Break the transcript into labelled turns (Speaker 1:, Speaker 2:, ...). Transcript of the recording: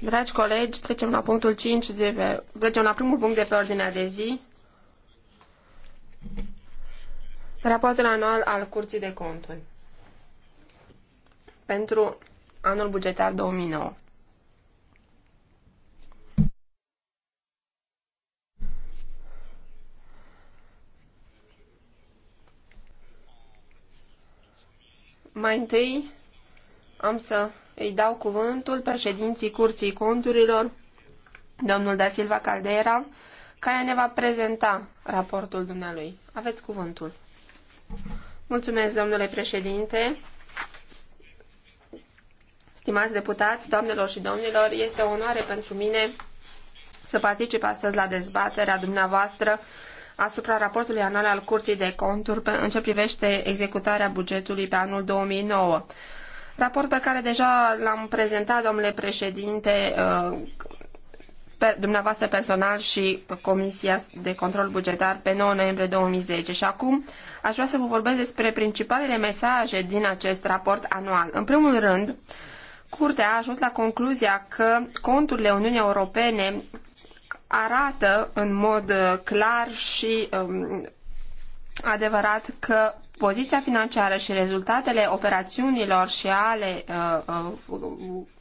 Speaker 1: Dragi colegi, trecem la punctul 5 de pe, trecem la primul punct de pe ordinea de zi. Raportul anual al Curții de Conturi pentru anul bugetar 2009. Mai întâi am să îi dau cuvântul președinții Curții Conturilor, domnul Da Silva Caldera, care ne va prezenta raportul dumnealui. Aveți cuvântul. Mulțumesc, domnule președinte. Stimați deputați, doamnelor și domnilor, este o onoare pentru mine să particip astăzi la dezbaterea dumneavoastră asupra raportului anual al Curții de Conturi în ce privește executarea bugetului pe anul 2009 raport pe care deja l-am prezentat, domnule președinte, uh, pe, dumneavoastră personal și Comisia de Control Bugetar pe 9 noiembrie 2010. Și acum aș vrea să vă vorbesc despre principalele mesaje din acest raport anual. În primul rând, Curtea a ajuns la concluzia că conturile Uniunii Europene arată în mod uh, clar și um, adevărat că poziția financiară și rezultatele operațiunilor și ale uh, uh,